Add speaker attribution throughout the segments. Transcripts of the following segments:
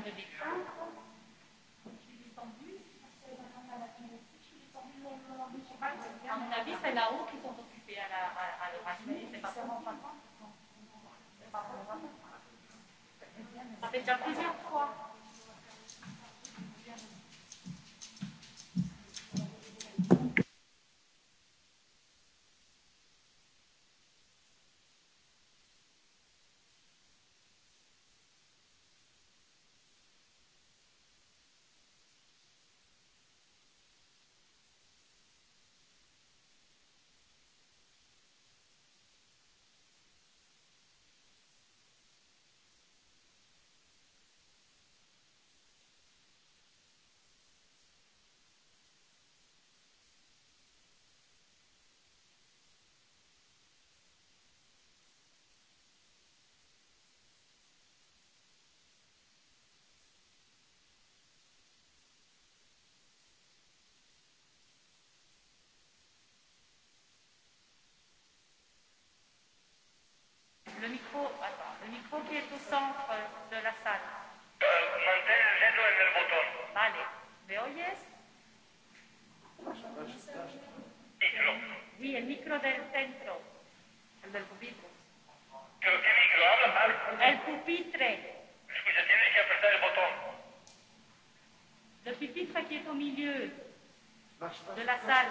Speaker 1: vient de Je l'ai À mon avis, c'est là-haut qu'ils sont occupés à la, C'est pas vraiment pas Ça fait déjà plusieurs centro del centro. El del pupitre. Pero ¿qué Habla mal. El pupitre. Escucha, tienes que apretar el botón. Le pupitre qui est au milieu de la salle.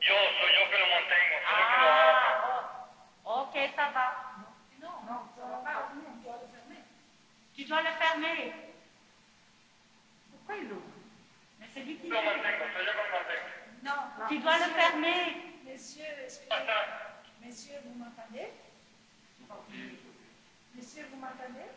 Speaker 1: Yo, soy yo que lo mantengo. Soy ah, que
Speaker 2: lo oh. ok, está
Speaker 1: va. no, no, no, no, no, no, no, le no, no, no, no, no, no, no, no, no, no, no, no, no, mantengo, no, no, no, no, no, no, tu dois le fermer. Messieurs, que... Messieurs, vous m'entendez Messieurs, vous m'entendez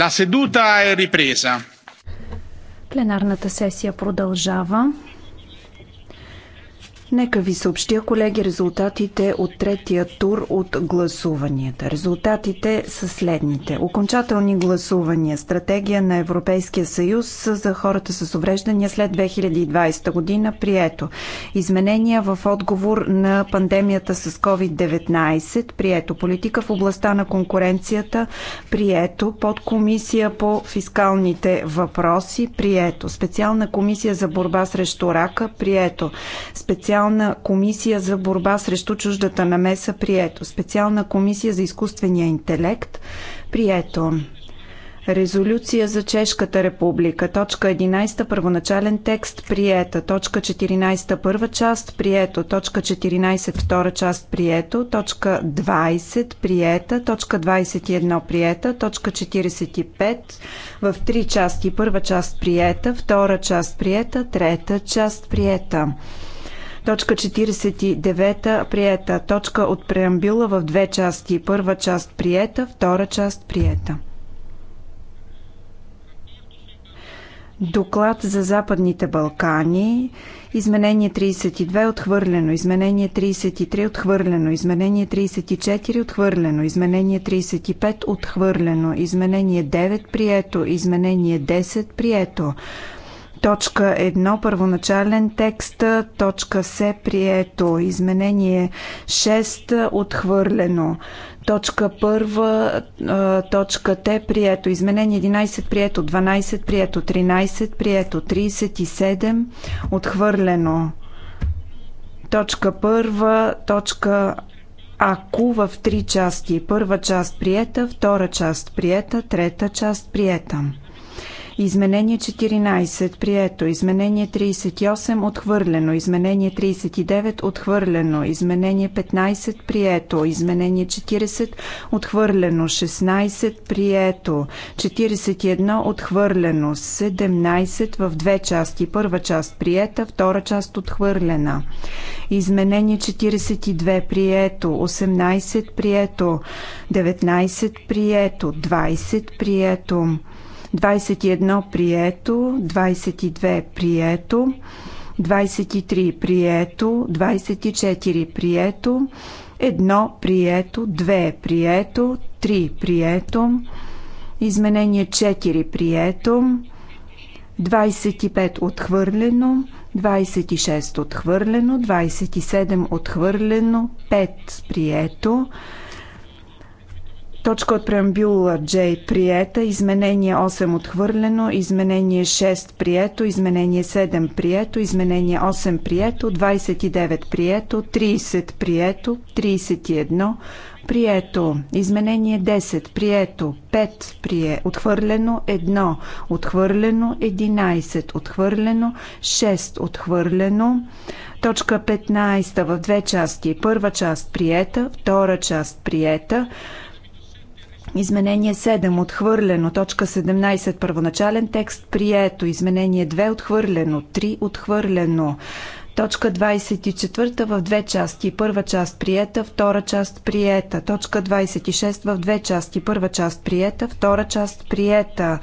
Speaker 1: La seduta е ripresa. Пленарната сесия продължава. Нека ви съобщя, колеги, резултатите от третия тур от гласуванията. Резултатите са следните. Окончателни гласувания. Стратегия на Европейския съюз за хората с увреждания след 2020 година. Прието. Изменения в отговор на пандемията с COVID-19. Прието. Политика в областта на конкуренцията. Прието. Подкомисия по фискалните въпроси. Прието. Специална комисия за борба срещу рака. Прието. Специална специална комисия за борба срещу чуждата намеса прието. Специална комисия за изкуствения интелект прието. Резолюция за Чешката република. Точка 11. Първоначален текст приета. Точка 14. Първа част прието. Точка 14. Втора част прието. Точка 20. Приета. Точка 21. Приета. Точка 45. В три части. Първа част приета. Втора част приета. Трета част приета. Точка 49 приета. Точка от преамбюла в две части. Първа част приета, втора част приета. Доклад за Западните Балкани. Изменение 32 отхвърлено. Изменение 33 отхвърлено. Изменение 34 отхвърлено. Изменение 35 отхвърлено. Изменение 9 прието. Изменение 10 прието. Точка 1, първоначален текст, точка се прието, изменение 6 отхвърлено, точка 1, точка Т прието, изменение 11 прието, 12 прието, 13 прието, 37 отхвърлено. Точка 1, точка аку в три части. Първа част приета, втора част приета, трета част приета. Изменение 14 прието. Изменение 38 отхвърлено. Изменение 39 отхвърлено. Изменение 15 прието. Изменение 40 отхвърлено. 16 прието. 41 отхвърлено. 17 в две части. Първа част приета, втора част отхвърлена. Изменение 42 прието. 18 прието. 19 прието. 20 прието. 21 прието, 22 прието, 23 прието, 24 прието, 1 прието, 2 прието, 3 прието, изменение 4 прието, 25 отхвърлено, 26 отхвърлено, 27 отхвърлено, 5 прието, Точка от преамбюла J приета, изменение 8 отхвърлено, изменение 6 прието, изменение 7 прието, изменение 8 прието, 29 прието, 30 прието, 31 прието, изменение 10 прието, 5 прие, отхвърлено 1, отхвърлено 11, отхвърлено 6, отхвърлено. Точка 15 в две части. Първа част приета, втора част приета. Изменение 7 отхвърлено. Точка 17 първоначален текст прието. Изменение 2 отхвърлено. 3 отхвърлено. Точка 24 в две части. Първа част приета, втора част приета. Точка 26 в две части. Първа част приета, втора част приета.